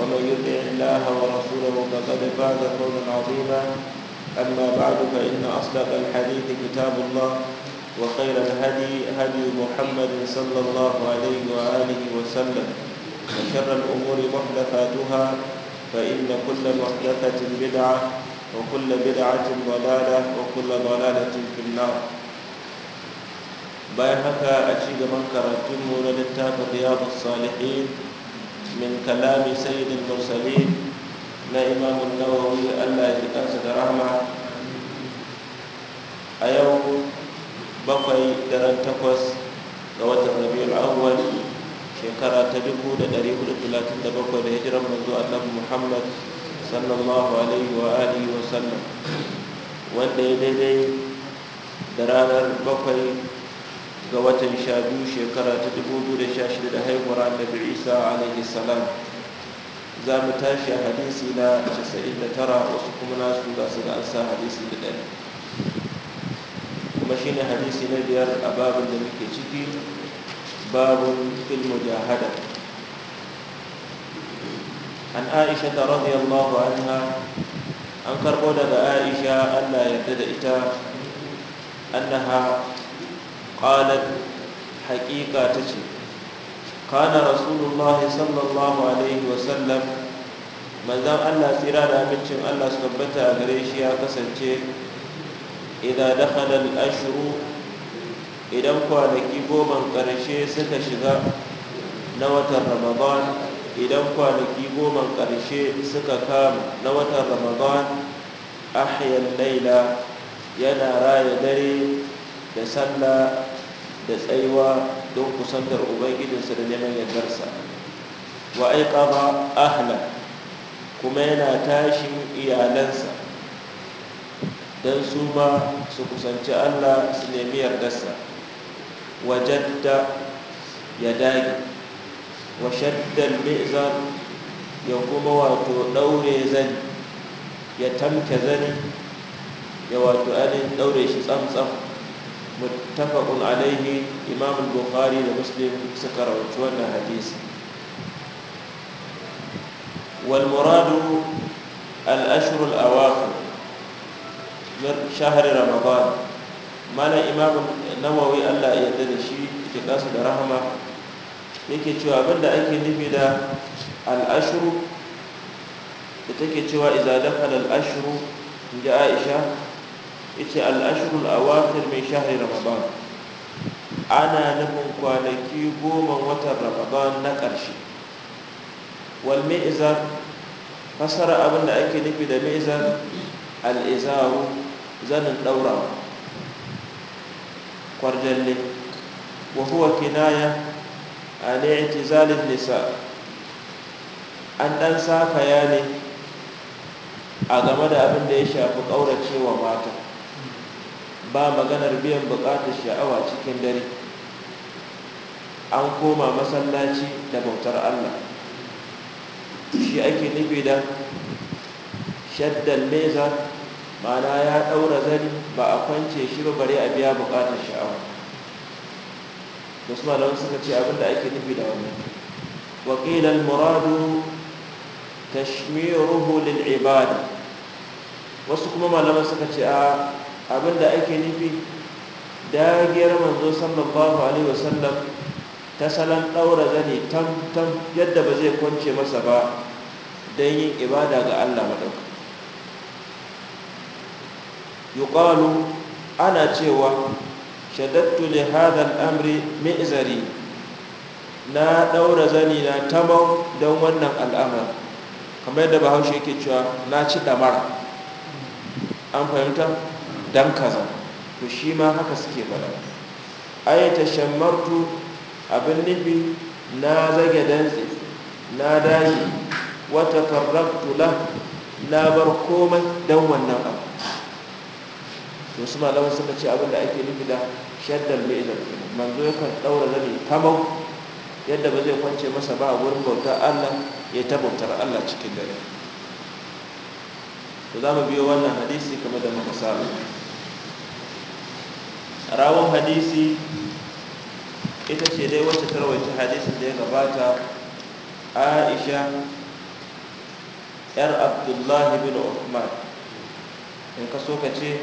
ومن يطع الله ورسوله فقد فاز فوزا عظيما أما بعد فإن أصدق الحديث كتاب الله وخير الهدي هدي محمد صلى الله عليه وآله وسلم وشر الأمور محدثاتها فإن كل محدثة بدعة وكل بدعة ضلالة وكل ضلالة في النار بايحك أشيد من كرتم ولد التاب رياض الصالحين كلام سيد المرسلين لا إمام النووي ألا يتكنس رحمة أيوم بقي درن تقوس قوات الربيع الأول شكرا تدكو لدريه لثلاثين دبقوا لهجرة منذ أنه محمد صلى الله عليه وآله وسلم وانده دي دي درانر بقي ga watan sha biyu shekara ta dubu da sha shida da haihuwar annabi isa alaihi salam za mu tashi a hadisi na casa'in da tara wasu kuma nasu ga su da an sa hadisi da ɗari kuma shine hadisi na biyar a babin da muke ciki babun filmu jahada. an aisha ta radiyallahu anha an karɓo daga aisha allah yadda da ita annaha qalat haqiqa tace kana rasulullahi sallallahu alaihi wa sallam manzon Allah tsira da abincin Allah su tabbata a gare shi ya kasance idza dakhala al idan kwanaki goman karshe suka shiga na watan Ramadan idan kwanaki goman karshe suka kama na watan Ramadan laila yana raya dare da sallah da tsayuwa don kusantar ubangijinsa da neman yardarsa wa aiqaba ahla kuma yana tashin iyalansa don su ma su kusanci Allah su nemi yardarsa wajen da ya dage wa shaddar mizan ya kuma wato daure zani ya tamke zani ya wato alin daure shi tsamtsam muttafaqun alaihi imam al-bukhari da muslim suka rawaito wannan hadisi wal muradu al-ashhur al-awakhir min shahr ramadan malam imam nawawi Allah ya da shi ke da rahama cewa ake nufi da al da take cewa idza halal al da Aisha yace al a awakhir min shahri ramadan ana nufin kwanaki goma watan ramadan na ƙarshe wal mi'zar fasara abin da ake nufi da mi'zar al-izaru zanin daurawa kwarjalle wa huwa kinaya an i'tizal nisa an ɗan saka ne a game da abin da ya shafi ƙauracewa mata ba maganar biyan bukatar sha'awa cikin dare an koma masallaci da bautar Allah shi ake nufi da shaddan leza mana ya daura zani ba a kwance shi ba bare a biya bukatar sha'awa wasu malaman suka ce abinda ake nufi da wannan wakilan muradu tashmiruhu lil ibada wasu kuma malaman suka ce a Abin da ake nufi dagiyar manzo sallallahu alaihi wasallam ta salon ɗaura zane tam-tam yadda ba zai kwance masa ba don yin ibada ga allah madauka yuqalu ana cewa shaddatu li hadha al-amri mi'zari na ɗaura zani na tamau don wannan al'amar kamar yadda bahaushe yake cewa na ci damar an fahimta dan kaza to shi ma haka suke faɗa ayyata shammartu abin nufi na zage dantse na dashi wata farraktu la na bar komai dan wannan abu to su malaman suka ce abin da ake nufi da shaddar da manzo yakan ɗaura zane kamau yadda ba zai kwance masa ba a wurin bautar allah ya tabbatar allah cikin dare to za mu biyo wannan hadisi kamar da muka saba rawon hadisi ita ce dai wacce tarwaci hadisin da ya gabata aisha yar abdullahi bin uthman in ka so ka ce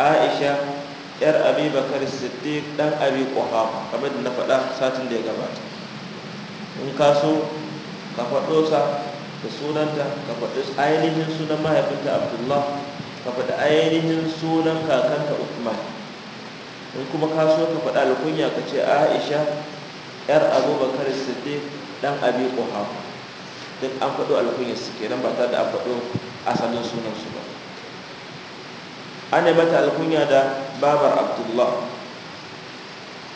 aisha yar Abibakar siddiq dan abi kuhafa kamar da na faɗa satin da ya gabata in ka so ka faɗo sa da sunanta ka faɗi ainihin sunan mahaifinta Abdullahi, ka faɗi ainihin sunan kakanta uthman in kuma ka so ka faɗa alkunya ka ce aisha yar abubakar siddiq dan abi kuham duk an faɗo alkunya su kenan ba tare da an faɗo asalin sunan su ba an yi mata alkunya da babar abdullah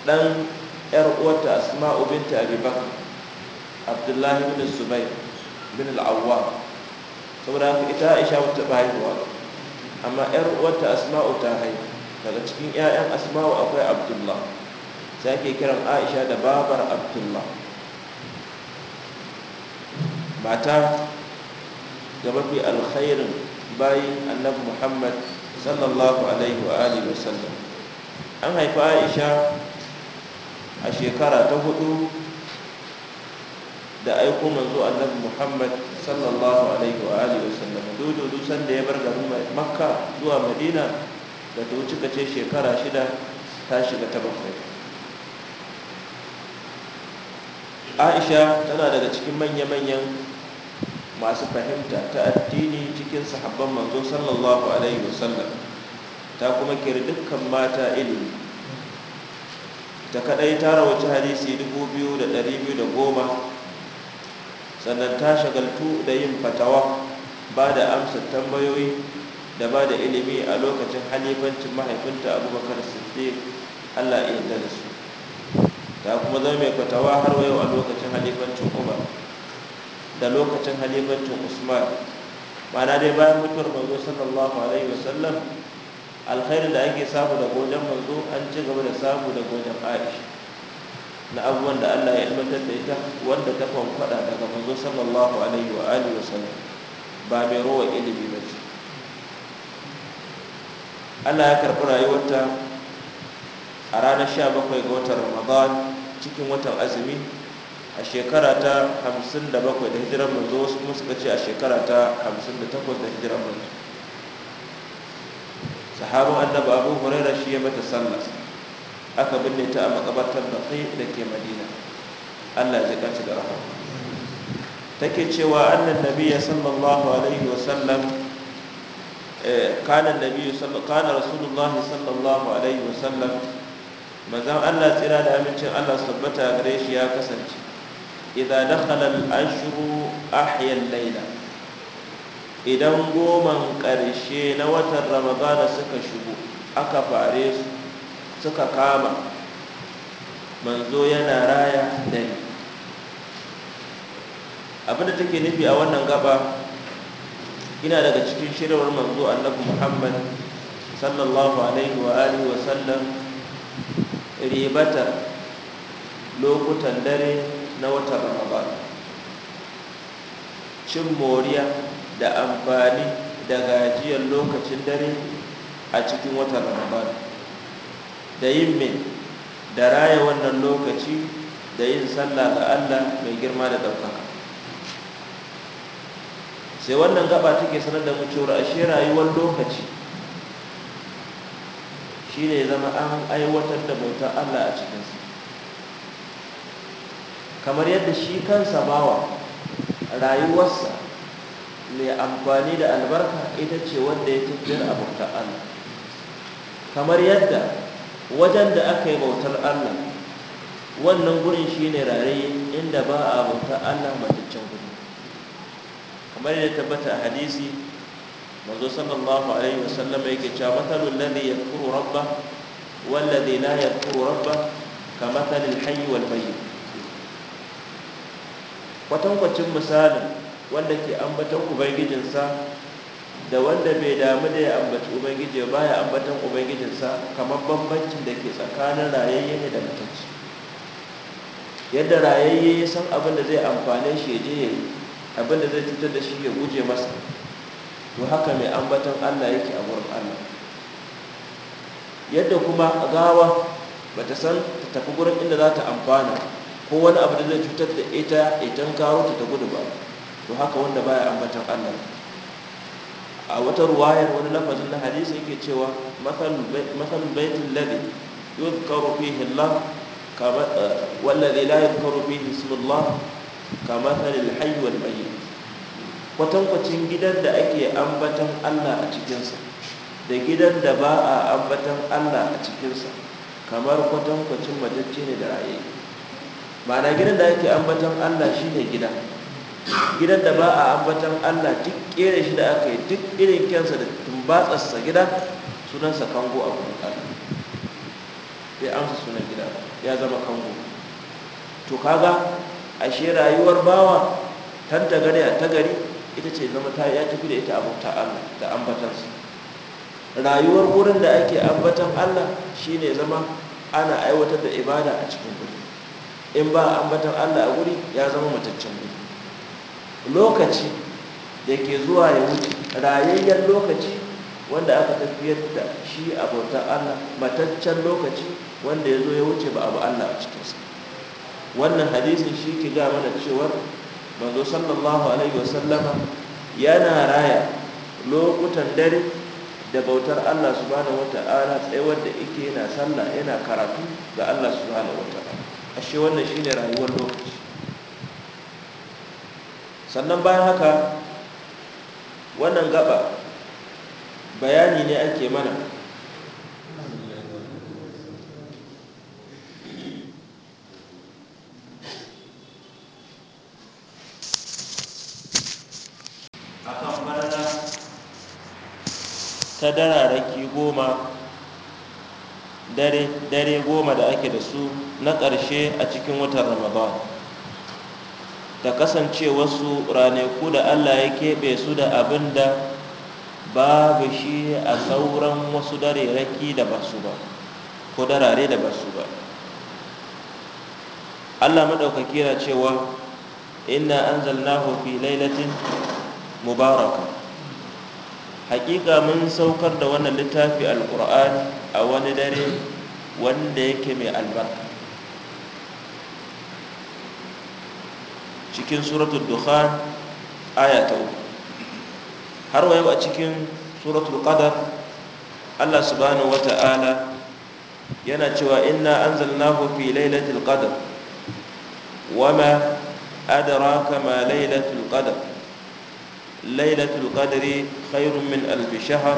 dan yar uwarta asma'u binta abi bakar abdullahi bin zubair bin al'awwa saboda ita aisha wata ba amma yar uwarta asma'u ta haihu daga cikin 'ya'yan asma'u akwai abdullah sai ke kiran aisha da babar abdullah mata ga mafi alkhairin bayin annabi muhammad sallallahu alaihi wa alihi wasallam an haifi aisha a shekara ta hudu da aiko manzo annabi muhammad sallallahu alaihi wa alihi wasallam dodo dusan da ya bar garin makka zuwa madina da ta wuce ka ce shekara shida ta shiga ta bakwai aisha tana daga cikin manya-manyan masu fahimta ta addini cikin sahabban manzo sallallahu alaihi wasallam ta kuma kiri dukkan mata ilimi ta kadai ta rawaci hadisi 2210 sannan ta shagaltu da yin fatawa ba da amsa tambayoyi da ba da ilimi a lokacin halifancin mahaifinta abubakar siddiq allah ya yarda da su ta kuma zama mai kwatawa har wayo a lokacin halifancin umar da lokacin halifancin usman mana dai bayan mutuwar manzo sallallahu alaihi wasallam alkhairin da ake samu da wajen manzo an ci gaba da samu da wajen aisha na abubuwan da allah ya ilmantar da ita wanda ta kwankwada daga manzo sallallahu alaihi wa alihi wasallam ba mai rowa ilimi ba ce Allah ya karɓi rayuwarta a ranar sha bakwai ga watan Ramadan cikin watan azumi a shekara ta hamsin da bakwai da hijirar manzo wasu kuma suka ce a shekara ta hamsin da takwas da hijirar manzo sahabin annabi Abu huraira shi ya mata sallah aka binne ta a makabartar kai da ke Madina Allah ya ji da rahama take cewa annan nabiyya sallallahu alaihi wa sallam Eh, kana النبي صلى كان sallallahu alaihi صلى manzon Allah tsira da amincin Allah sabbata gare shi ya kasance idan dakhala al-ashru ahya al-layla idan goman karshe na watan ramadana suka shigo aka fare su suka kama manzo yana raya dare abinda take nufi a wannan gaba ina daga cikin shirwar manzo annabi muhammad sallallahu alaihi wa alihi wa sallam ribata lokutan dare na watan ramadan cin moriya da amfani da gajiyar lokacin dare a cikin watan ramadan da yin me da raya wannan lokaci da yin sallah ga allah mai girma da ɗaukaka sai wannan gaba take sanar da mu cewa ashe rayuwar lokaci shine ne zama an aiwatar da bautar Allah a sa kamar yadda shi kansa bawa rayuwarsa mai amfani da albarka ita ce wanda ya tafiyar a bautar Allah kamar yadda wajen da aka yi bautar Allah wannan gurin shine rare inda ba a bautar Allah mataccen gurin kamar yadda tabbata a hadisi manzo sallallahu alaihi wasallam yake cewa matalul ladhi yakuru rabba wal ladhi la yakuru rabba kamathalil hayy wal mayyit kwatankwacin misalin wanda ke ambaton ubangijinsa da wanda bai damu da ya ambaci ubangiji ba ya ambaton ubangijinsa kamar bambancin da ke tsakanin rayayye da mutunci yadda rayayye ya san abin da zai amfane shi ya je ya yi abin da zai cutar da shi ya guje masa to haka mai ambaton Allah yake a wurin Allah yadda kuma gawa bata san ta tafi gurin inda za ta amfana ko wani abu da zai cutar da ita idan kawo ta ta gudu ba to haka wanda baya ambaton Allah a wata ruwayar wani lafazin na hadisi yake cewa mathalul baitul ladhi yuzkaru fihi Allah kama eh, wallazi la yuzkaru fihi ismullah kama da haiwal bayi kwatankwacin gidan da ake ambatan allah a cikinsa da gidan da ba a ambatan allah a cikinsa kamar kwatankwacin majalci ne da raye na gidan da ake ambatan allah shi ne gida gidan da ba a ambatan allah duk kere shi da aka yi duk irin kyansa da tumbatsarsa gida sunansa kango a kuma ya amsa sunan gida ya zama kango to kaga ashe rayuwar bawa tan ta gari ta gari ita ce zama ta ya tafi da ita abuta Allah da ambatansa rayuwar wurin da ake ambatan Allah shine zama ana aiwatar da ibada a cikin guri in ba ambatan Allah a guri ya zama mataccen guri lokaci da ke zuwa ya wuce rayayyar lokaci wanda aka tafiyar da shi a bautar Allah mataccen lokaci wanda ya zo ya wuce ba abu Allah a cikinsa wannan hadisin shi ke ga mana cewar manzo sallallahu alaihi wasallama yana raya lokutan dare da bautar Allah subhanahu wata'ala tsayawar wanda yake yana sallah yana karatu ga Allah subhanahu wata'ala ashe wannan shine rayuwar lokaci sannan bayan haka wannan gaba bayani ne ake mana ta dararraki goma dare goma da ake da su na ƙarshe a cikin watan ramadan da kasance wasu ranaku da allah ya keɓe su da abin da babu shi a sauran wasu dare raki da basu ba ko darare da basu ba allah maɗaukaki na cewa inna anzalnahu fi lailatin mubaraka hakika mun saukar da wannan littafi alkur'ani a wani dare wanda yake mai albarka cikin suratul dukhan aya uku har yau a cikin suratul qadar Allah subhanahu yana cewa inna anzalnahu fi lailatul qadr wama adraka ma lailatul qadar lailatul qadri khairun min alf shahr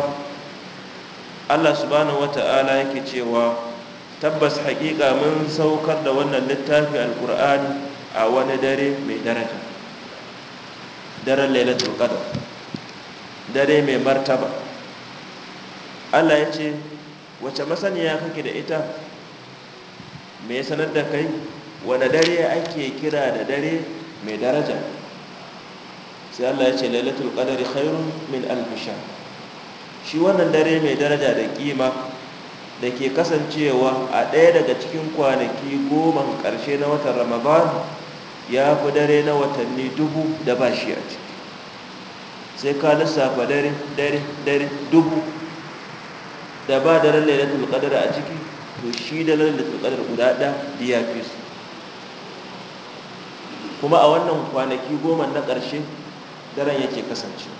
Allah subhanahu wata'ala yake cewa tabbas haƙiƙa mun saukar da wannan littafi alqur'ani a wani dare mai daraja daren lailatul qadr dare mai martaba Allah ya ce wace masaniya kake da ita me sanar da kai wane dare ake kira da dare mai daraja sai Allah ya ce lailatul qadari khairun min alf shahr shi wannan dare mai daraja da kima da ke kasancewa a ɗaya daga cikin kwanaki goma ƙarshe na watan ramadan ya fi dare na watanni dubu da ba shi a ciki sai ka lissafa dare dare dare dubu da ba da lailatul qadar a ciki to shi da lailatul qadar guda ɗaya ya fi su kuma a wannan kwanaki goma na ƙarshe daren yake kasance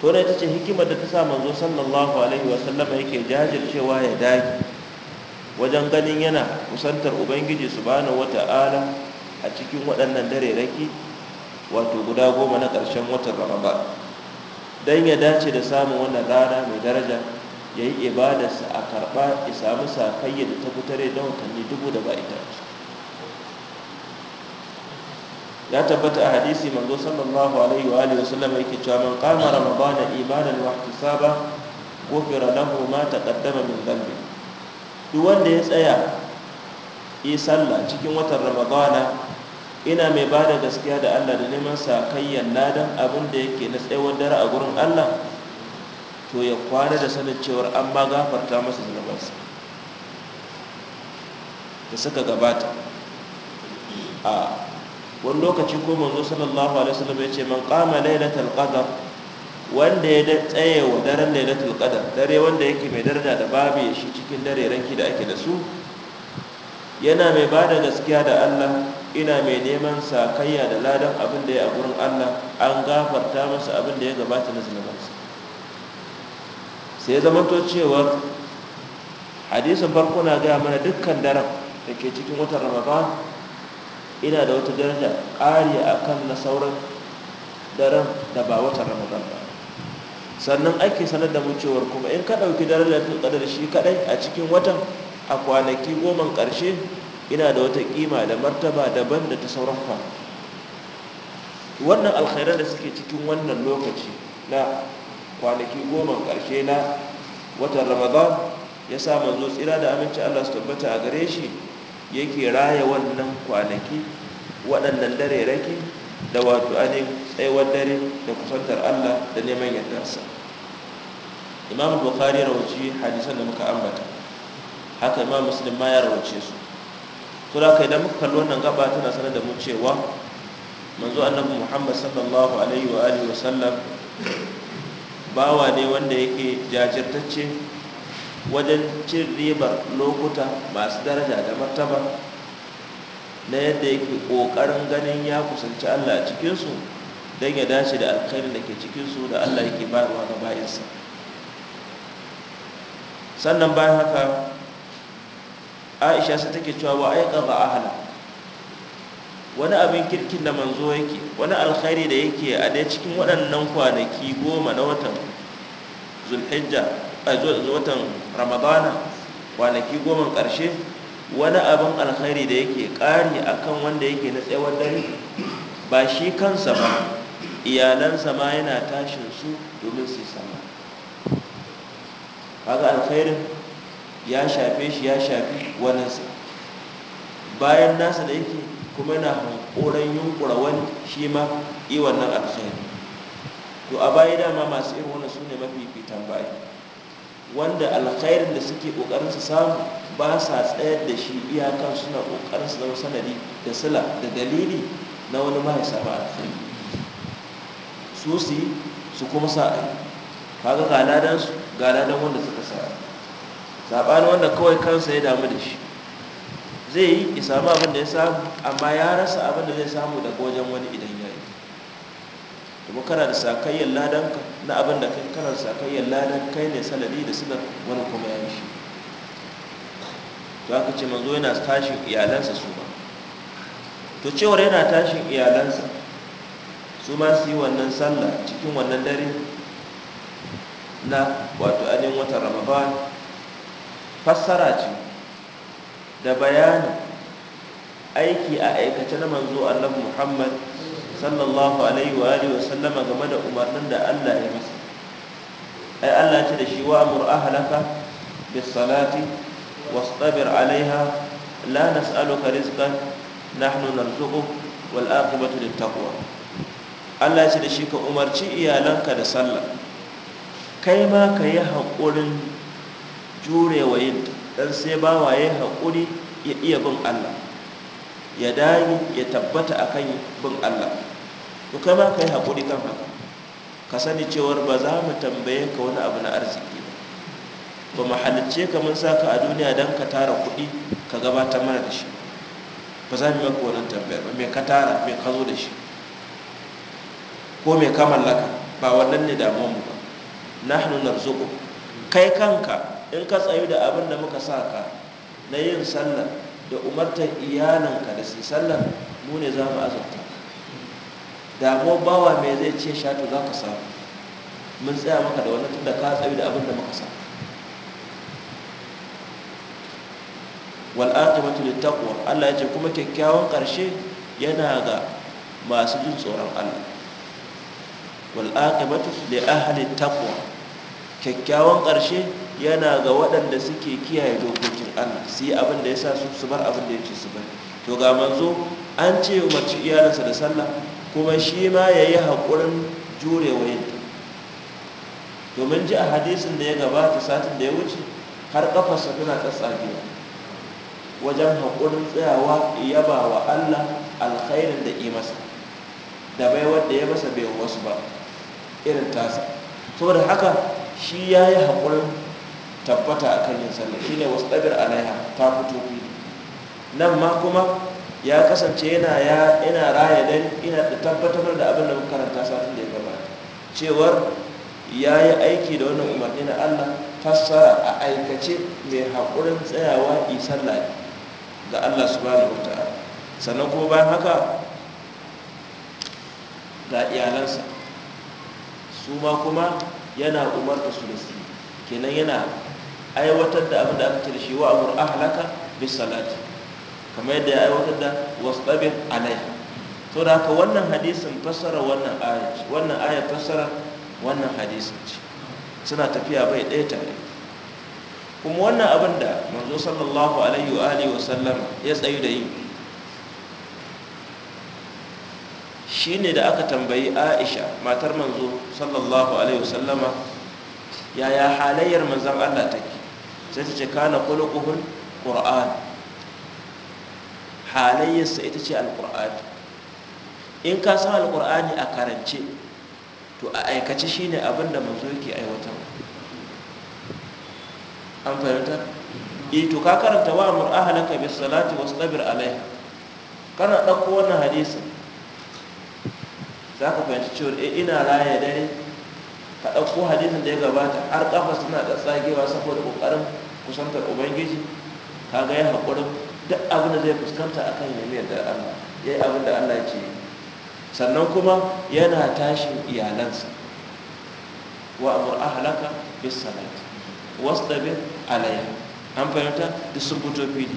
to ne tace hikimar da ta sa manzo sallallahu alaihi wasallama yake jajircewa ya dage wajen ganin yana kusantar ubangiji su subhanahu wata'ala a cikin waɗannan dare raki wato guda goma na ƙarshen watan ramaba dan ya dace da samun wannan rana mai daraja ya yi ibadarsa a karɓa ya samu sakayya da ta fitare da watanni dubu da ba ita ce ya tabbata a hadisi manzo sallallahu alaihi wa alihi wasallam yake cewa man qama ramadana imanan wa ihtisaba ghufira lahu ma taqaddama min dhanbi duk wanda ya tsaya yi sallah cikin watan ramadana ina mai bada gaskiya da Allah da neman sakayyan ladan abin da yake na tsayawar dare a gurin Allah to ya kwana da sanin cewar an ma gafarta masa zunubansa da suka gabata a wani lokaci ko manzo sallallahu alaihi wasallam ya ce man qama lailatul qadar wanda ya tsaye wa daren lailatul qadar dare wanda yake mai daraja da babu ya shi cikin dare ranki da ake da su yana mai bada gaskiya da Allah ina mai neman sakayya da ladan abin da ya a gurin Allah an gafarta masa abin da ya gabata na zunubansa sai ya zamanto cewa hadisin farko na gaya mana dukkan daren da ke cikin watan ramadan ina da wata daraja ƙari a kan na sauran daren da ba watan ramadan ba sannan ake sanar da mu kuma in ka ɗauki darajar ta ƙadar shi kaɗai a cikin watan a kwanaki goman ƙarshe ina da wata ƙima da martaba daban da ta sauran kwan wannan alkhairar da suke cikin wannan lokaci na kwanaki goman ƙarshe na watan ramadan ya sa manzo tsira da aminci allah su tabbata a gare shi yake raya wannan kwanaki waɗannan dare rake da wato ainihin tsayawar dare da kusantar Allah da neman yardarsa imam bukari rauci hadisan da muka ambata haka imam muslim ma ya rauce su to da idan muka kalli wannan gaba tana sanar da mu cewa manzo annabi muhammad sallallahu alaihi wa alihi wa sallam bawa ne wanda yake jajirtacce wajen cin ribar lokuta masu daraja da martaba na yadda yake ƙoƙarin ganin ya kusanci Allah a cikinsu don ya dace da alkhairin da ke cikinsu da Allah yake bayarwa ga bayansa sannan bayan haka aisha sai take cewa wa aika ba ahala wani abin kirkin da manzo yake wani alkhairi da yake a cikin waɗannan kwanaki goma na watan zulhijja a watan ramadana kwanaki goma ƙarshe wani abin alkhairi da yake ƙari akan wanda yake na tsawon dare ba shi kansa ba iyalansa ma yana tashin su domin su sama Haka alkhairin ya shafe shi ya shafi waninsa bayan nasa da yake kuma yana hankoran yunkura wani shi ma yi alkhairi to a baya dama masu irin wani su ne mafi fitan bayan wanda alkhairin da suke kokarin su samu ba sa tsayar da shi iyakan suna kokarin su zama sanadi da sila da dalili na wani mahaifa ba alkhairi su su su kuma sa ai kaga ga ladan su ga wanda suka sa sabanin wanda kawai kansa ya damu da shi zai yi ya samu abin da ya samu amma ya rasa abin da zai samu daga wajen wani idan kuma kana da sakayyar ladan na abin da kai kana da sakayyar ladan kai ne sanadi da sunan wani kuma ya shi to aka ce manzo yana tashin iyalansa su ba to cewar yana tashin iyalansa su ma su yi wannan sallah cikin wannan dare na wato ajin watan ramadan fassara ce da bayanin aiki a aikace na manzo Allah muhammad sallallahu alaihi wa alihi wa sallama game da umarnin da Allah ya masa ai Allah ce da shi wa amur ahlaka bis salati wastabir alaiha la nas'aluka rizqan nahnu narzuquk wal aqibatu lit taqwa Allah ce da shi ka umarci iyalanka da sallah kai ma ka yi haƙurin wa yin dan sai bawa yi haƙuri ya iya bin Allah ya dage ya tabbata akan bin Allah ko kai ma ka yi haƙuri kan haka ka sani cewar ba za mu tambaye ka wani abu na arziki ba ba mu halicce ka mun sa ka a duniya don ka tara kuɗi ka gabatar mana da shi ba za mu yi maka wannan tambayar ba mai ka tara mai ka zo da shi ko mai ka mallaka ba wannan ne damuwar mu ba hannun narzuqu kai kanka in ka tsayu da abin da muka sa ka na yin sallah da umartar iyalanka da su sallah mu ne za mu azurta damuwar bawa mai zai ce shato za ka samu mun tsaya maka da wani tunda ka tsayu da abin da muka samu wal aqibatu lit taqwa Allah yace kuma kyakkyawan karshe yana ga masu jin tsoron Allah wal aqibatu li ahli taqwa kyakkyawan karshe yana ga waɗanda suke kiyaye dokokin Allah su yi abin da yasa su su bar abin da yake su bar to ga manzo an ce umarci iyalansa da sallah kuma shi ma ya yi haƙurin jurewa yadda domin ji a hadisin da ya gabata satin da ya wuce har ƙafarsa tana biyu. wajen haƙurin tsayawa yaba wa allah alkhairin da imasa da bai wadda ya masa bai wasu ba irin tasa da haka shi ya yi haƙurin tabbata a kan yin sallah shi ne wasu ɗabir alaiha ta fito fili nan ma kuma ya kasance yana ya ina raya dan ina da tabbatar da abin da muka karanta satin da ya gabata cewar ya yi aiki da wannan umarni na Allah fassara a aikace mai haƙurin tsayawa isar lafi ga Allah subhanahu wa ta'ala sannan kuma bayan haka ga iyalansa su ma kuma yana umarta su da su kenan yana aiwatar da abin da aka ce da wa amur ahlaka bis salati kamar yadda ya aiwatar da wasbabin alai to da haka wannan hadisin fassara wannan aya wannan aya fassara wannan hadisin ce suna tafiya bai ɗaya tare kuma wannan abin da manzo sallallahu alaihi wa alihi wa sallama ya tsayu da yi shine da aka tambayi Aisha matar manzo sallallahu alaihi sallama yaya halayyar manzon Allah take sai ta ce kana qulquhul qur'an halayyarsa ita ce alkur'ani in ka san alkur'ani a karance to a aikace shine abin da mazo yake aiwatar an fahimta eh to ka karanta wa amur ahlaka bis salati ɗabir alai kana ɗauko wannan Za ka fahimci cewa e ina raya dare ka ɗauko hadisin da ya gabata har ƙafa suna da tsagewa saboda ƙoƙarin kusantar ubangiji Ka ya haƙurin duk abin da zai fuskanta a kan yammiyar da Allah ya yi abin da Allah ya ce sannan kuma yana tashin iyalansa wa abu ahalaka bis wasu wasdabir alayha an fahimta da sun buto fili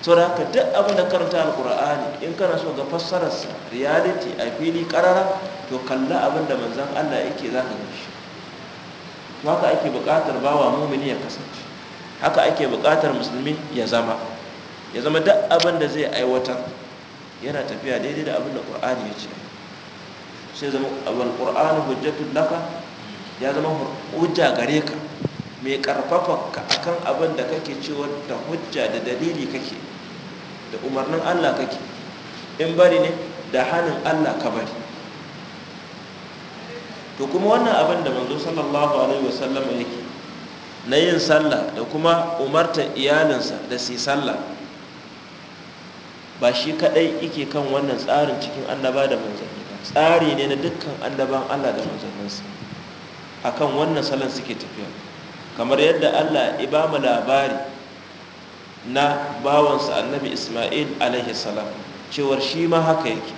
so da haka duk abin da karanta alkur'ani in kana so ga fassararsa reality a fili karara to kalla abin da manzan Allah yake za ka gashi haka ake buƙatar bawa mumini ya kasance haka ake buƙatar musulmi ya zama ya zama duk abin da zai aiwatar yana tafiya daidai da abin da ƙur'ani ya ce sai zama abin ƙur'ani hujjatu laka ya zama hujja gare ka mai karfafa ka kan abin da kake cewa da hujja da dalili kake da umarnin Allah kake in bari ne da hannun Allah ka bari to kuma wannan abin da manzo sallallahu alaihi sallama yake na yin sallah da kuma umarta iyalinsa da su sallah ba shi kadai yake kan wannan tsarin cikin annaba da manzanni tsari ne na dukkan annaban Allah da manzanninsa akan wannan salon suke tafiya kamar yadda Allah ya mu labari na bawansa annabi Ismail alaihi salam cewar shi ma haka yake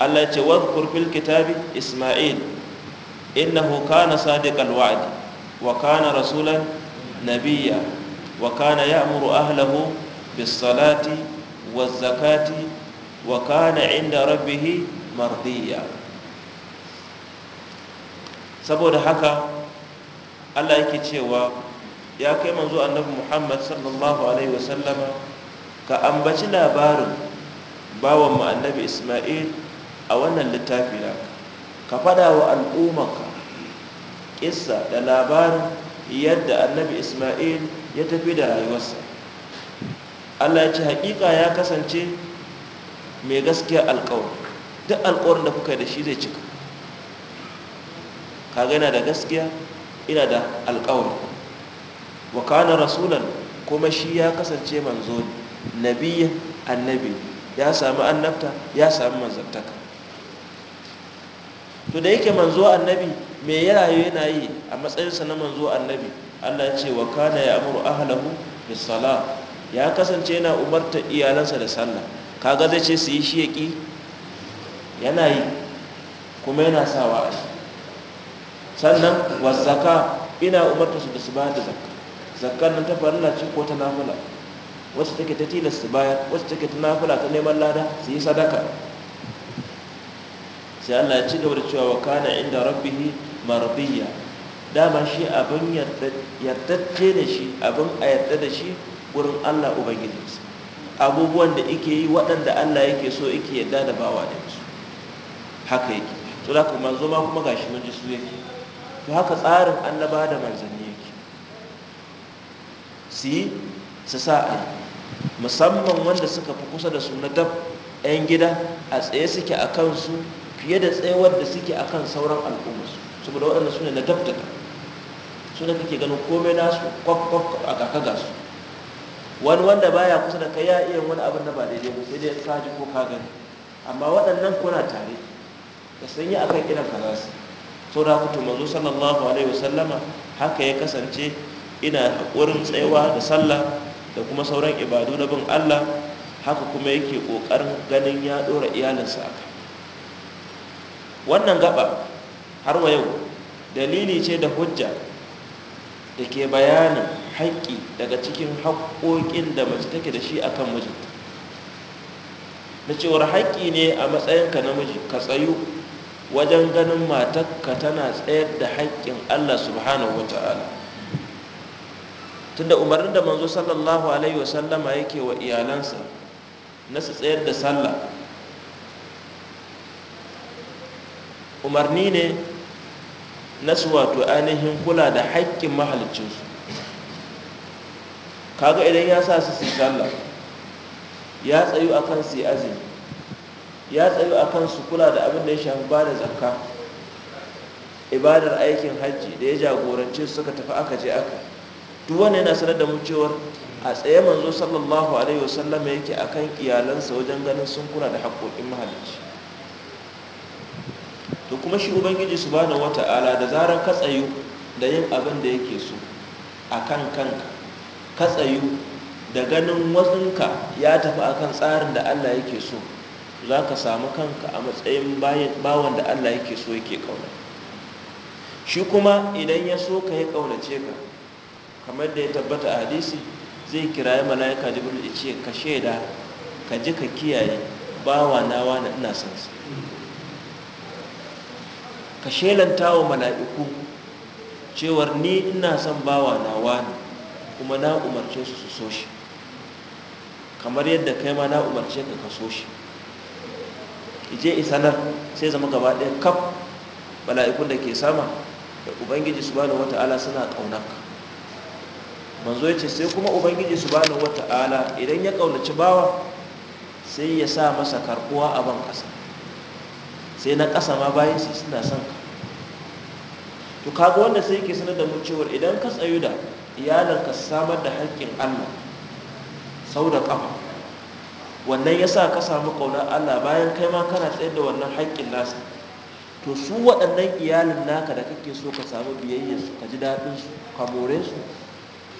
Allah ce wadhkur fil kitabi Ismail innahu kana sadiqal wa'di wa kana rasulan nabiyya wa kana ya'muru ahlahu bisalati wazakati zakati wa kana inda rabbihi mardiya saboda haka Allah yake cewa ya kai manzo annabi Muhammad sallallahu alaihi wasallama ka ambaci labarin bawan annabi Isma'il a wannan littafina ka fada wa al'ummarka kissa da labarin yadda annabi Isma'il ya tafi da rayuwarsa Allah ya ce haƙiƙa ya kasance mai gaskiya alƙawar duk alƙawarin da kuka yi da shi zai cika kaga yana da gaskiya ina da alƙawar wa kana rasulan kuma shi ya kasance manzo ne nabiyyin annabi ya sami annabta ya sami manzantaka to da yake manzo annabi me ya rayu yana yi a matsayinsa na manzo annabi Allah ya ce wa kana ya amuru ahlahu bis salah ya kasance yana umarta iyalansa da sallah kaga zai ce su yi shi yana yi kuma yana sawa a shi sannan wazzaka ina umarta su da su bayar da zakka zakkar nan ta farilla ce ko ta nafila wasu take ta tilas su bayar wasu take ta nafula ta neman lada su yi sadaka sai Allah ya ci gaba da cewa wa kana inda rabbihi mardiya dama shi abin yardacce da shi abin a yarda da shi wurin Allah ubangijinsa abubuwan da yake yi waɗanda Allah yake so yake yadda da bawa da su haka yake to za kuma manzo ma kuma gashi mun su yake to haka tsarin annaba da manzanni yake su yi su sa a musamman wanda suka fi kusa da su na dab 'yan gida a tsaye suke a kansu fiye da tsayawar da suke a kan sauran al'ummasu saboda waɗanda su ne na dab daga su ne kake ganin komai nasu kwakwakwa a kakaga su wani wanda baya kusa da kai ya iya wani abin da ba daidai ba sai dai ka ji ko ka gani amma waɗannan kuna tare da sun yi akan irin kaza su to da kuto manzo sallallahu alaihi wasallama haka ya kasance ina haƙurin tsayawa da sallah da kuma sauran ibadu na bin Allah haka kuma yake ƙoƙarin ganin ya ɗora iyalinsa a kai wannan gaba har wa yau dalili ce da hujja da ke bayanin haƙƙi daga cikin haƙƙoƙin da mace take da shi akan mijinta na cewar haƙƙi ne a matsayinka namiji ka tsayu wajen ganin matakka tana tsayar da haƙƙin Allah subhanahu wata'ala tunda umarnin da manzo sallallahu alaihi wa sallama yake wa iyalansa na su tsayar da sallah umarni ne na su wato ainihin kula da haƙƙin mahalicinsu kaga idan ya sa su su sallah ya tsayu akan su azumi ya tsayu akan su kula da abin da ya shafi ba da zakka ibadar aikin hajji da ya jagorance su suka tafi aka je aka duk wanda yana sanar da mu cewar a tsaye manzo sallallahu alaihi wasallam yake akan iyalansa wajen ganin sun kula da haƙoƙin mahalicci to kuma shi ubangiji subhanahu wata'ala da zarar ka tsayu da yin abin da yake so akan kanka ka tsayu da ganin wasunka ya tafi akan tsarin da Allah yake so za ka samu kanka a matsayin bawan da Allah yake so yake kauna shi kuma idan ya so ka ya kaunace ka kamar da ya tabbata a hadisi zai kira ya mala'ika jibril ya ce ka shaida ka ji ka kiyaye bawa na wani ina son sa ka shelanta wa mala'iku cewar ni ina son bawa na wani kuma na umarce su su so shi kamar yadda kai ma na umarce ka ka shi ije isanar sai zama gaba ɗaya kaf bala'ikun da ke sama da ubangiji su bane wata'ala suna ƙaunarka manzo ya ce sai kuma ubangiji su bane wata'ala idan ya ƙaunaci bawa sai ya sa masa karɓuwa a ban ƙasa sai na ƙasa ma bayan su suna son ka to kaga wanda sai ke sanar da mu cewar idan ka tsayu da iyalinka su samar da haƙƙin Allah sau da ƙafa wannan ya sa ka samu ƙaunar Allah bayan kai ma kana tsaye da wannan haƙƙin nasa to su waɗannan iyalin naka da kake so ka samu biyayyarsu ka ji daɗinsu ka more su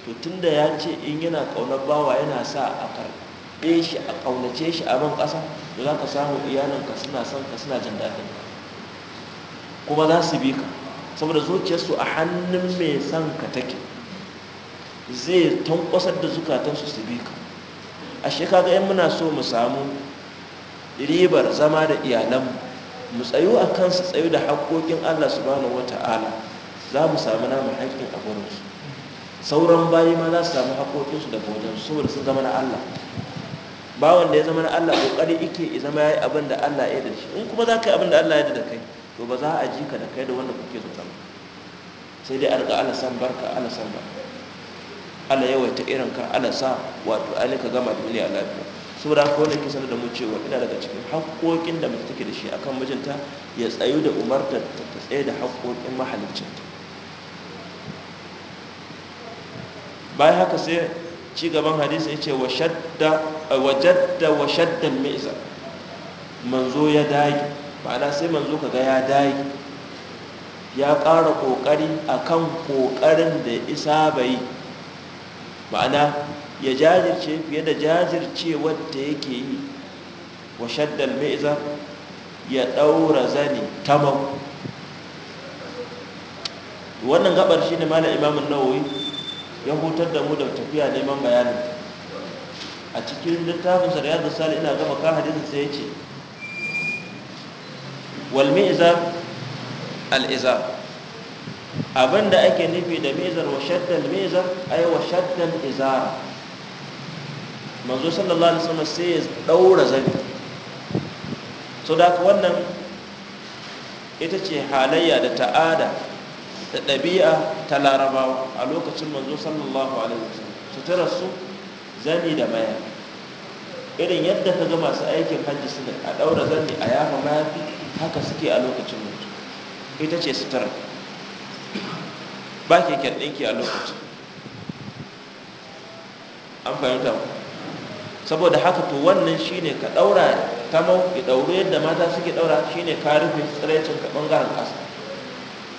to tun da ya ce in yana ƙaunar bawa yana sa a karɓe shi a ƙaunace shi a ban ƙasa to za ka samu iyalinka suna son ka suna jin daɗin kuma za su bi ka saboda zuciyarsu a hannun mai son ka take zai tankwasar da zukatansu su bi ka ashe kaga yan muna so mu samu ribar zama da iyalanmu mu tsayo a kansu tsayo da haƙoƙin Allah subhanahu wata'ala za mu samu namun haƙƙin a gurinsu sauran bayi ma za su samu haƙoƙinsu daga su saboda sun zama na Allah bawan da ya zama na Allah ƙoƙari ike ya zama ya yi abin da Allah ya da shi in kuma za ka yi abin da Allah ya da kai to ba za a ji ka da kai da wanda kuke ba? sai dai a riƙa Allah san barka Allah san barka Ala yawaita irin ka alasa sa wato Ali ka gama duniya lafiya saboda haka wani ke sanar da mu cewa ina daga cikin haƙoƙin da mace take da shi akan mijinta ya tsayu da umarta ta tsaye da haƙoƙin mahalicin bayan haka sai ci gaban hadisi ya ce wajadda wa shaddan miza manzo ya dage ma'ana sai manzo kaga ya dage ya ƙara ƙoƙari akan ƙoƙarin da isa bai ma'ana ya jajirce fiye da jajirce wadda yake yi wa shaddal maiza ya daura zani tamam wannan gabar ne malam imamun nawawi ya hutar da mu da tafiya neman bayanin a cikin littafin sa da sali ina gama ka hadisin sai yace wal al'iza. abinda ake nufi da mizar wa shaddal mizar ai wa shaddal izara manzo sallallahu alaihi wasallam sai ya daura zabi so da wannan ita ce halayya da ta'ada da ɗabi'a ta larabawa a lokacin manzo sallallahu alaihi wasallam tara su zani da maya irin yadda ka ga masu aikin hajji suna a daura zani a yafa mafi haka suke a lokacin mutu ita ce sutura ba keken ɗinki a lokaci an fahimta ku saboda haka to wannan shine ka ɗaura ta mau ki ɗauru yadda mata suke ɗaura shine ka rufe tsiraicin ka ɓangaren ƙasa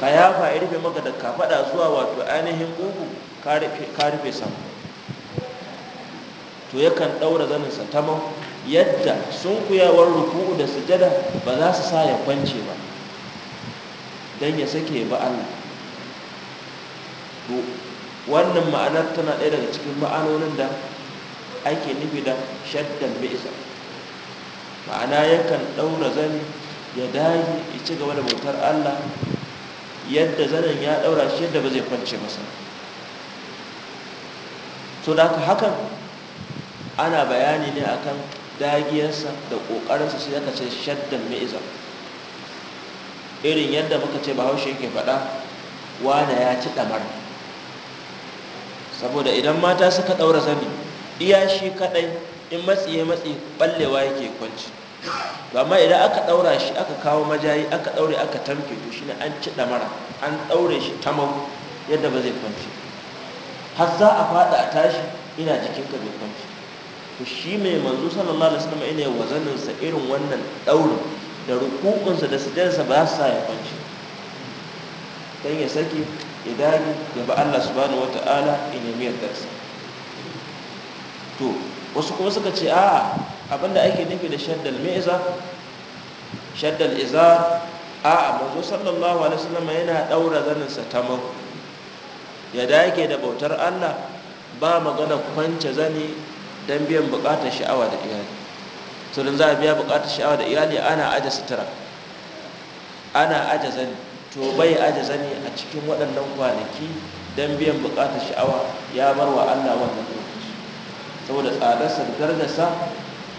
ka yafa ya rufe maka da faɗa zuwa wato ainihin gugu ka rufe sama to yakan ɗaura zaninsa ta mau yadda sunkuyawar ruku'u da sujada ba za su sa ya kwance ba don ya sake ba Allah to wannan ma'anar tana ɗaya daga cikin ma'anonin da ake nufi da shaddan bi'isa ma'ana yakan ɗaura zani ya dage ya ci gaba da bautar allah yadda zanen ya ɗaura shi yadda ba zai kwance masa so da haka hakan ana bayani ne akan dagiyarsa da ƙoƙarinsa sai aka ce shaddan mi'iza irin yadda muka ce bahaushe yake faɗa wane ya ci ɗamar saboda idan mata suka ɗaura zani iya shi kaɗai in matsiye matsi ɓallewa yake kwanci amma idan aka ɗaura shi aka kawo majayi aka ɗaure aka tamke to shi ne an ci ɗamara an ɗaure shi tamau yadda ba zai kwanci har za a fada a tashi ina jikinka bai kwanci to shi mai manzo sallallahu alaihi wasallam ina wazaninsa irin wannan ɗaurin da rukukunsa da sujadarsa ba su sa ya kwanci dan ya saki idan ya ba Allah subhanahu wata'ala in yi miyantarsa. to wasu kuma suka ce a abinda ake nufi da shaddal meza shaddal izar a mazu sallallahu alaihi wasallam yana daura zaninsa ta mako ya dage da bautar Allah ba magana kwance zani don biyan bukatar sha'awa da iyali to za a biya bukatar sha'awa da iyali ana aje sutura ana aje zani to bai aje zane a cikin waɗannan kwanaki don biyan buƙatar sha'awa ya bar wa Allah wannan lokaci saboda tsadarsa da gargasa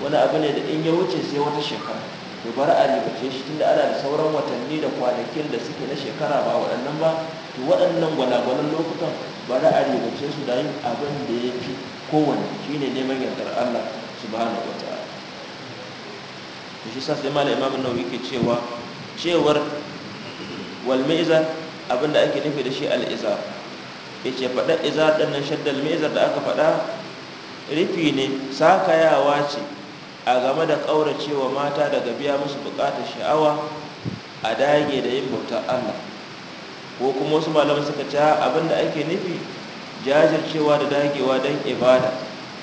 wani abu ne da in ya wuce sai wata shekara to bar a ribace shi tunda ana da sauran watanni da kwanakin da suke na shekara ba waɗannan ba to waɗannan gwalagwalan lokutan bar a ribace su da yin abin da ya fi kowane shine neman yardar Allah subhanahu wataala to shi sa sai malam nawawi ke cewa cewar wal abinda ake nufi da shi al'iza, ya ce faɗa iza din nan shaddal da aka faɗa rufi ne sakayawa ce a game da kauracewa mata daga biya musu buƙatar sha'awa a dage da yin bautar Allah ko kuma wasu malamai suka ce abinda ake nufi jajircewa da dagewa don ibada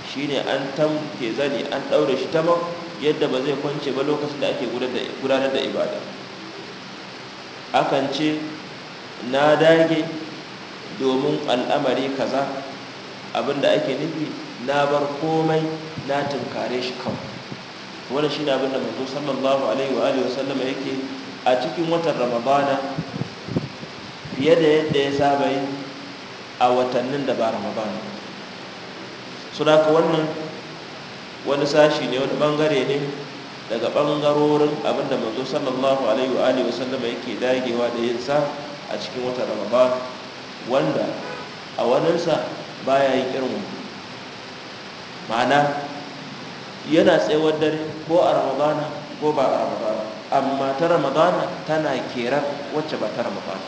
shine an tamke zani an ɗaure shi tamar yadda ba zai kwance ba lokacin da ake gudanar da ibada akan ce na dage domin al'amari kaza abinda ake nufi na bar komai na tunkare shi kawai wannan shine abin da manzo sallallahu alaihi wa alihi yake a cikin watan ramadana fiye da yadda ya saba yi a watannin da ba ramadana so da wannan wani sashi ne wani bangare ne daga bangarorin abinda manzo sallallahu alaihi wa alihi wasallam yake dagewa da yin sa a cikin wata ramadan wanda a sa baya yin irin mana ma'ana yana tsayawar dare ko a ramadana ko ba a ramadana amma ta ramadana tana kerar wacce ba ta ramadana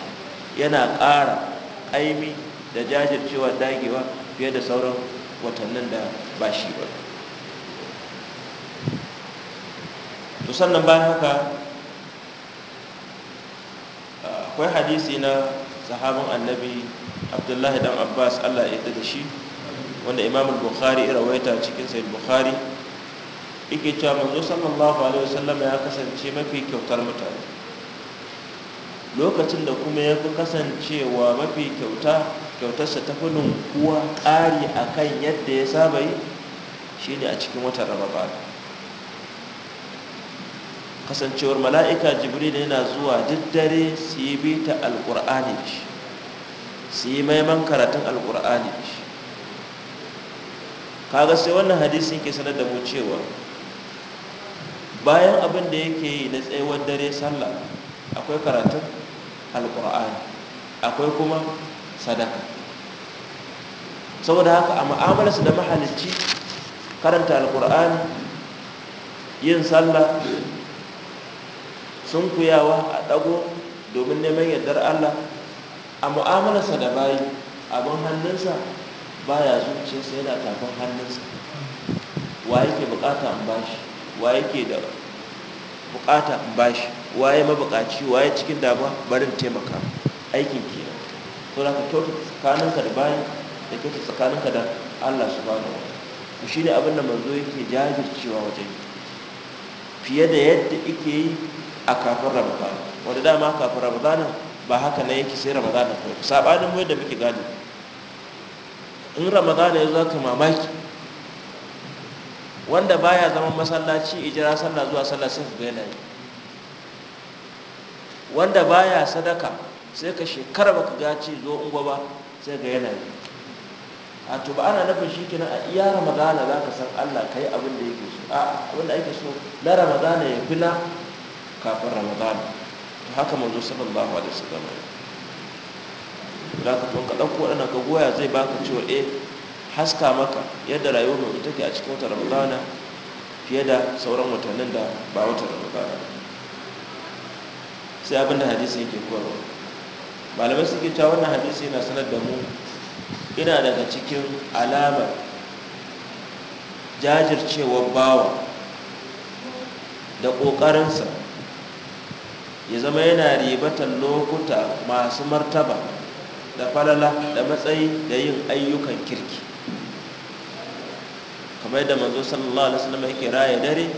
yana ƙara ƙaimi da jajircewa dagewa fiye da sauran watannin da ba shi ba to sannan bayan haka akwai hadisi na sahabin annabi abdullahi dan abbas allah ya da shi wanda imamul bukhari rawaita cikin sayyid bukhari yake cewa manzo sallallahu alaihi wasallam ya kasance mafi kyautar mutane lokacin da kuma ya fi kasancewa mafi kyauta kyautarsa ta fulun kuwa ƙari akan yadda ya saba yi shi ne a cikin watan rababa kasancewar mala'ika jibril yana zuwa duk su yi bita alƙur'ani da shi su yi maiman karatun alƙur'ani da shi kaga sai wannan hadisi ke sanar da mu cewa bayan abin da yake yi na tsayuwar dare sallah akwai karatun alƙur'ani akwai kuma sadaka saboda haka a ma'amalarsa da mahalicci karanta alƙur'ani yin sallah sun kuyawa a ɗago domin neman yardar Allah a mu'amalarsa da bayi abin hannunsa ba baya zuciyarsa yana tafin hannunsa wa yake bukata in bashi wa yake da bukata in bashi wa ya mabukaci wa ya cikin damuwa barin taimaka aikin kenan to da ka kyauta tsakaninka da bayi da kyauta tsakaninka da Allah su ba wa wani shi ne abin da manzo yake jajircewa wajen fiye da yadda ike yi a kafin ramadan wadda dama kafin ramadana ba haka na yake sai ramadana kawai sabanin mai da muke gani in ramadana ya zaka mamaki wanda baya zaman masallaci ijira sallah zuwa sallah sai ga yana wanda baya sadaka sai ka shekara baka gaci zo in gwaba sai ga yana a to ba ana nufin shi kenan a iya ramadana za ka san allah ka yi abin da yake so a abin da ake so na ramadana ya fi na kafin ramadan ta haka manzo sallallahu alaihi wasallam da ka to ka dauko da ka goya zai baka cewa eh haska maka yadda rayuwar mu take a cikin watan ramadana fiye da sauran watannin da ba watan ramadana sai abinda hadisi yake koyarwa malamai suke cewa wannan hadisi yana sanar da mu ina daga cikin alamar jajircewar bawa da ƙoƙarinsa ya zama yana ribatan lokuta masu martaba da falala da matsayi da yin ayyukan kirki kamar da manzo sallallahu alaihi wasallam yake raya dare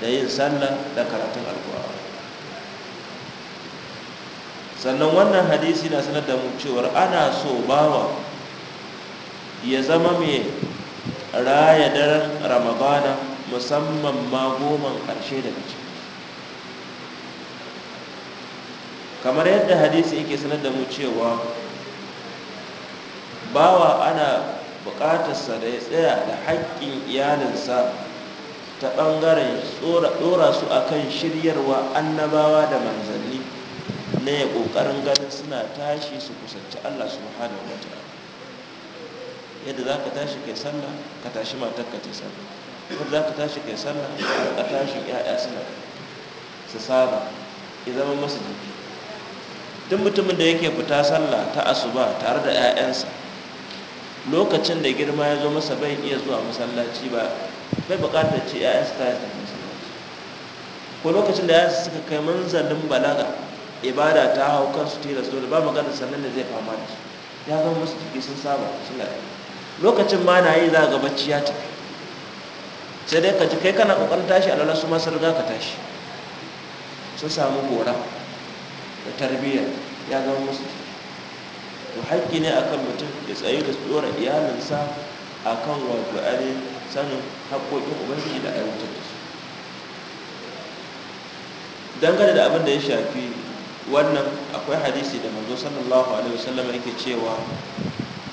da yin sallah da karatun alkur'ani sannan wannan hadisi na sanar da mu cewar ana so bawa ya zama mai raya daren ramadana musamman ma goman karshe da ciki kamar yadda hadisi yake sanar da mu cewa bawa ana bukatarsa da ya tsaya da haƙƙin iyalinsa ta ɓangaren tsora su akan shiryarwa annabawa da manzanni na ya ƙoƙarin ganin suna tashi su kusanci allah subhanahu wa ta'ala yadda za ka tashi kai sanna ka tashi matar ka ta sanna yadda za ka tashi kai sanna ka tashi 'ya'ya suna su saba ya zama masu jiki duk mutumin da yake fita sallah ta asuba tare da 'ya'yansa lokacin da girma ya zo masa bai iya zuwa masallaci ba bai bukatar ce 'ya'yansa ta yasa masallaci ko lokacin da 'ya'yansa suka kai manzalin balaga ibada ta hau kansu tilas dole ba maganar sannan da zai fama da su ya zama musu tafi sun saba suna lokacin ma na yi za ga bacci ya tafi sai dai ka ji kai kana kokarin tashi a lalasu masu riga ka tashi sun samu gora da tarbiyya ya zama musu to haƙƙi ne a kan mutum ya tsayi da tsora iyalinsa kan wato are sanin haƙƙoƙin ubangiji da aiwatar da su dangane da abin da ya shafi wannan akwai hadisi da manzo sallallahu alaihi wasallam yake cewa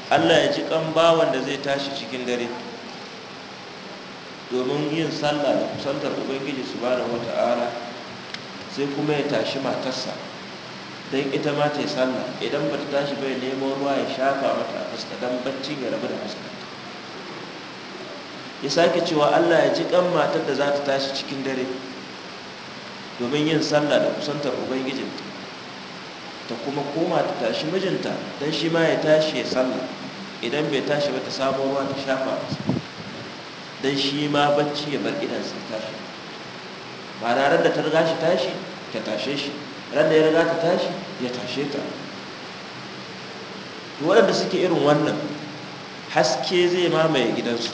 Allah ya ji kan bawan da zai tashi cikin dare domin yin sallah da kusantar ubangiji subhanahu wata'ala sai kuma ya tashi matarsa don ita ma ta yi sallah idan ba ta tashi bai nemo ruwa ya shafa mata fuska don bacci ya rabu da fuska ya sake cewa allah ya ji kan matar da za ta tashi cikin dare domin yin sallah da kusantar ubangijinta ta kuma koma ta tashi mijinta don shi ma ya tashi ya sallah idan bai tashi ba ta samu ruwa ta shafa don shi ma bacci ya bar idansa tashi ba da ta riga shi tashi ta tashe shi ran da ya riga ta tashi ya tashe ta to waɗanda suke irin wannan haske zai mamaye gidansu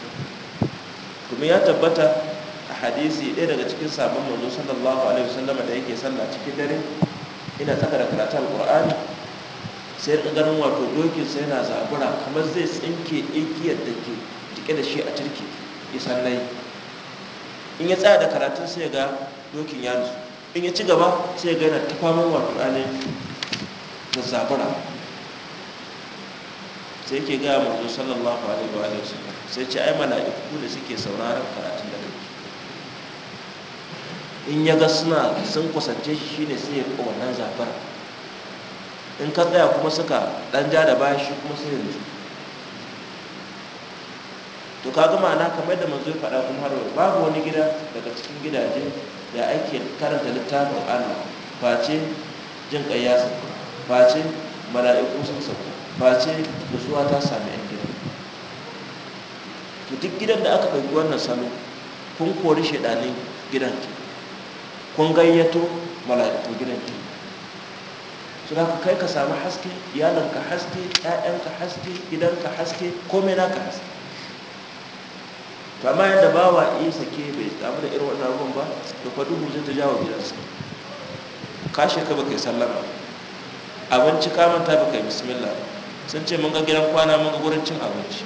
kuma ya tabbata a hadisi ɗaya daga cikin sabon manzo sallallahu alaihi wasallam da yake sallah cikin dare ina tsaka da karatu alqur'ani sai rika ganin wato dokin sai yana zabura kamar zai tsinke igiyar da ke dike da shi a turki ya sallai in ya tsaya da karatun sai ga dokin ya nutsu in yi ci gaba sai ga yana ta faman wato da zazzabura sai ke gaya mazu sallallahu alaihi wa sallam sai ce ai mala'iku da suke sauraron karatun da kai in ya ga suna sun kusance shi shine sai ya wannan zafara in ka tsaya kuma suka dan ja da bayan shi kuma sai yanzu. to kaga ma'ana kamar da mazu ya faɗa kuma har babu wani gida daga cikin gidaje ya ake karanta littafin Allah face jin kai ya sauka face mala'iku sun sauka face nutsuwa ta sami yan gida to duk gidan da aka ɗauki wannan salo kun kori shaidanin gidan ki kun gayyato mala'iku gidan ki su da kai ka samu haske ka haske 'ya'yanka haske gidanka haske komai ka haske kama yadda bawa iya sake bai damu da irin wannan abin ba to fa duhu zai ta jawo gidansa ka ba baka yi sallama abinci ka manta baka yi bismillah sun ce mun ga gidan kwana mun ga gurin cin abinci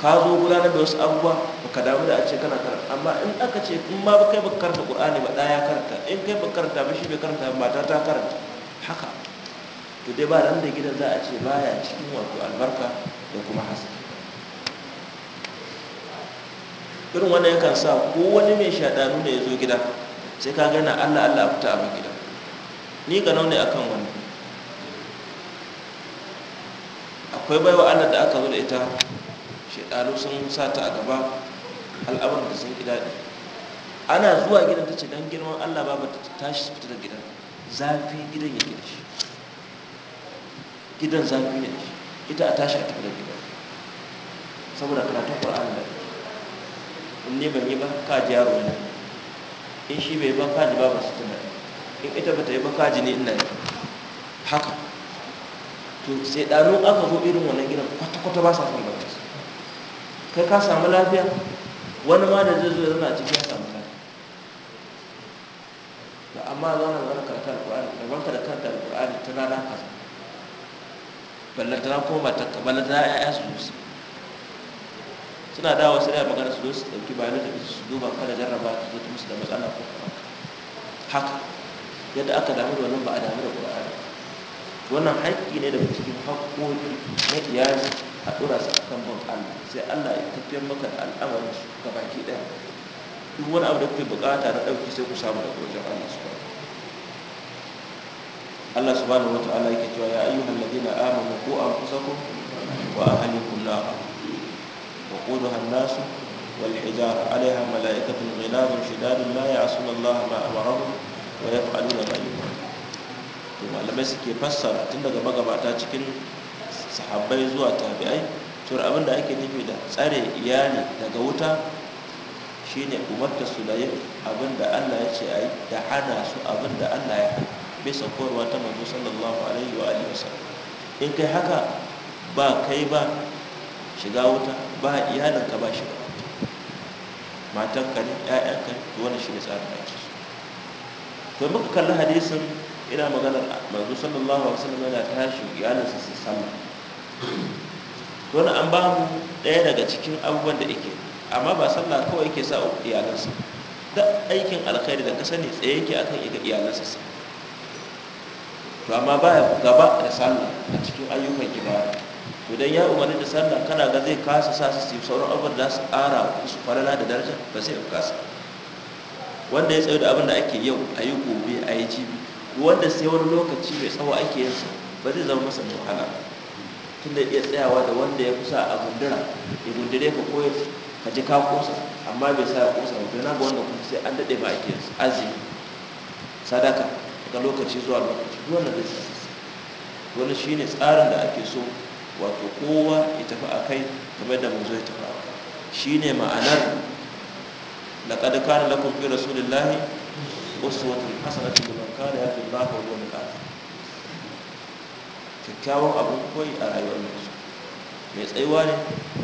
ka zo gudanar da wasu abubuwa baka damu da a ce kana karanta amma in aka ce in ma kai baka karanta qur'ani ba ɗaya karanta in kai baka karanta ba shi bai karanta mata ta karanta haka to dai ba ran da gidan za a ce baya cikin wato albarka da kuma haske irin wannan kan sa ko wani mai shaɗanu ne ya zo gida sai ka gana allah allah fita abin gida ni ga nau ne akan wani akwai baiwa allah da aka zo da ita shaɗanu sun sa ta a gaba al'amuran da sun gida daɗi ana zuwa gidan ta ce don girman allah ba ta tashi fita da gidan zafi gidan ya gida shi gidan zafi ne shi ita a tashi a tafi da gidan saboda karatun ƙwar'an da in ne ban yi ba ka ji yaro ne in shi bai ba ka ji ba ba su tuna in ita ba ta yi ba ka ji ne ina yi haka to sai ɗanu aka zo irin wannan gidan kwata-kwata ba sa son ba kai ka samu lafiya wani ma da zai zo ya zana cikin ya samu lafiya ba amma zauna zauna karanta alƙur'ani ɗarbanka da karanta alƙur'ani ta rana kaza ballantana ko ba ta ballantana ya'ya su zuwa suna dawo su da magana su zo su dauki da su duba kada jarraba su zo musu da matsala ko haka yadda aka damu da wannan ba a damu da qur'ani wannan haƙƙi ne daga cikin haƙƙoƙi na iyali a ɗora su a kan Allah sai Allah ya tafiyar maka da al'amarin su ga baki ɗaya duk wani abu da kuke buƙata na ɗauki sai ku samu daga wajen Allah su ba Allah subhanahu wa ta'ala yake cewa ya ayyuhal ladina amanu qu anfusakum wa ahlikum nara وقودها الناس والحجارة عليها ملائكة غلاظ شداد لا يعصون الله ما أمرهم ويفعلون ما يؤمرون to malamai suke fassara tun daga magabata cikin sahabbai zuwa tabi'ai to abin da ake nufi da tsare iyali daga wuta shine umarta su da yin abin da Allah ya ce ayi da hana su abin da Allah ya hana bisa koyarwa ta manzo sallallahu alaihi wa alihi in kai haka ba kai ba shiga wuta ba iyalinka ba shi ba matanka ne ƴaƴanka ne to wannan shi ne tsarin ake to muka kalli hadisin ina maganar manzo sallallahu alaihi wasallam yana tashi iyalinsa su sallah to wannan an ba mu ɗaya daga cikin abubuwan da yake amma ba sallah kawai yake sa iyalansa da aikin alkhairi da ka sani tsaye yake akan ita iyalansa sa to amma baya gaba da sallah a cikin ayyukan ibada idan ya umarni da sallah kana ga zai kasa sa su sauran abin da su ƙara su falala da daraja ba sai kasa wanda ya tsaye da abin da ake yau a yi gobe a yi jibi wanda sai wani lokaci mai tsawo ake yin sa ba zai zama masa wahala tun da iya tsayawa da wanda ya kusa a gundura ya gundure ka koyar ka ji ka kusa amma bai sa ya kusa ba na ga wanda kuma sai an daɗe ba ake yin azumi sadaka daga lokaci zuwa lokaci wannan da zai sa wani shine tsarin da ake so wato kowa ya tafi a kai kamar da mu ya tafi a kai shi ne ma'anar laƙad kana lakum fi wasu wata hasanatun ya fi yarjullaha wal yawmil akhir kyakkyawan abin koyi a rayuwar mutum mai tsayuwa ne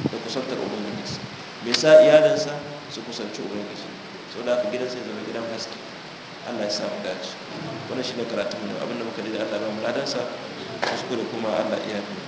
da kusantar ubangiji mai sa iyalinsa su kusanci ubangiji sau da aka gidan sai zama gidan haske allah ya samu dace wani shi ne karatun mu abinda muka da allah ba mu ladansa kuskure kuma allah iya biyu